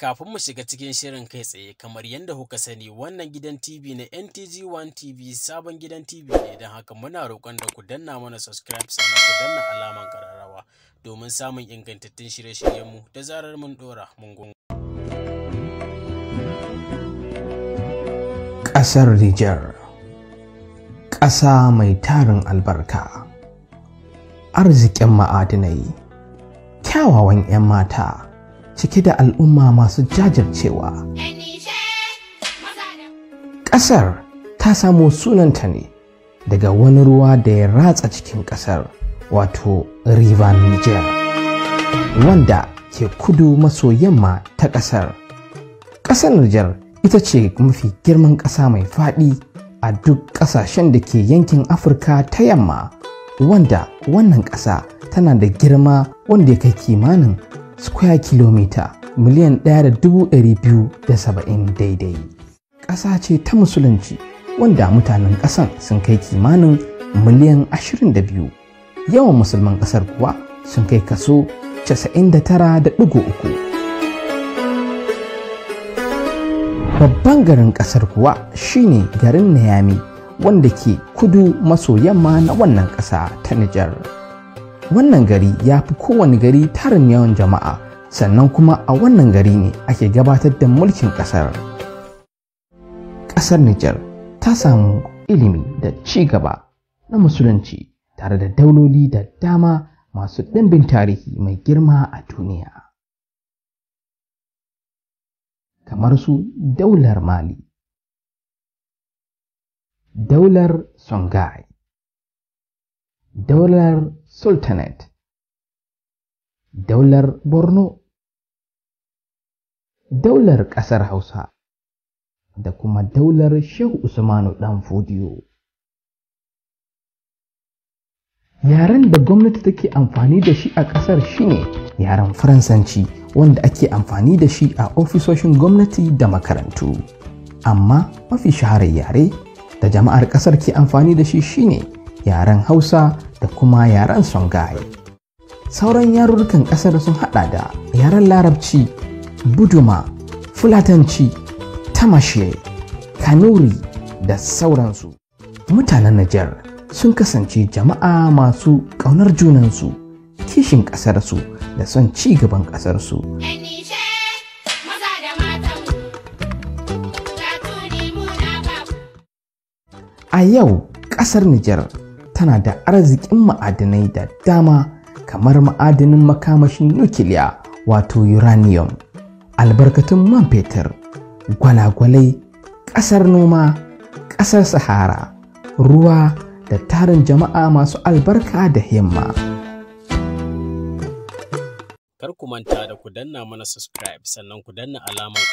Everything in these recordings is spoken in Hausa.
Kafin mu shiga cikin shirin kai tsaye kamar yadda kuka sani wannan gidan TV na NTG1 TV sabon gidan TV ne don haka muna roƙon da ku danna mana subscribe sannan ku danna alaman kararrawa domin samun ingantattun shirye-shiryenmu da zarar mun ɗora mun gungu. Ƙasar Nijar Ƙasa mai tarin albarka arzikin ma'adinai kyawawan 'yan mata cike da al'umma masu jajircewa. Ƙasar ta samo sunanta ne daga wani ruwa da ya ratsa cikin ƙasar wato River Niger wanda ke kudu maso yamma ta ƙasar. Ƙasar Niger ita ce mafi girman ƙasa mai faɗi a duk ƙasashen da ke yankin Afirka ta yamma wanda wannan ƙasa tana da girma wanda ya kai kimanin square kilometer miliyan 1,270 daidai ƙasa ce ta musulunci wanda mutanen ƙasan sun kai kimanin miliyan 22 yawan musulman ƙasar kuwa sun kai kaso 99.3 babban garin ƙasar kuwa shine garin nayami wanda ke kudu maso yamma na wannan ƙasa ta Nijar. wannan gari ya fi kowane gari tarin yawan jama'a sannan kuma a wannan gari ne ake gabatar da mulkin ƙasar ƙasar Nijar ta samu ilimi da ci gaba na musulunci tare da dauloli da dama masu ɗimbin tarihi mai girma a duniya kamar su daular mali daular songhai daular Sultanate, daular Borno, daular ƙasar Hausa, da kuma daular Shehu Usmanu ɗan Fodiyo. Yaren da gwamnati take amfani da shi a ƙasar shine yaren Faransanci wanda ake amfani da shi a ofisoshin gwamnati da makarantu. Amma mafi shaharar yare da jama'ar ƙasar ke amfani da shi shine yaren Hausa da kuma yaren songhai sauran yarurrukan ƙasar sun hada da yaren larabci buduma fulatanci tamashe kanuri da sauransu mutanen Nijar sun kasance jama'a masu ƙaunar junansu kishin ƙasarsu da son ci gaban ƙasarsu a yau ƙasar Nijar tana da arzikin ma'adinai da dama kamar ma'adinin makamashin nukiliya wato uranium albarkatun man fetur gwalagwalai ƙasar noma ƙasar sahara ruwa da tarin jama'a masu albarka da himma kar ku manta da ku danna mana subscribe sannan ku danna alamar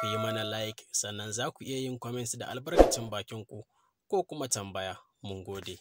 ku yi mana like sannan za ku iya yin comments da albarkacin bakin ku ko kuma tambaya mun gode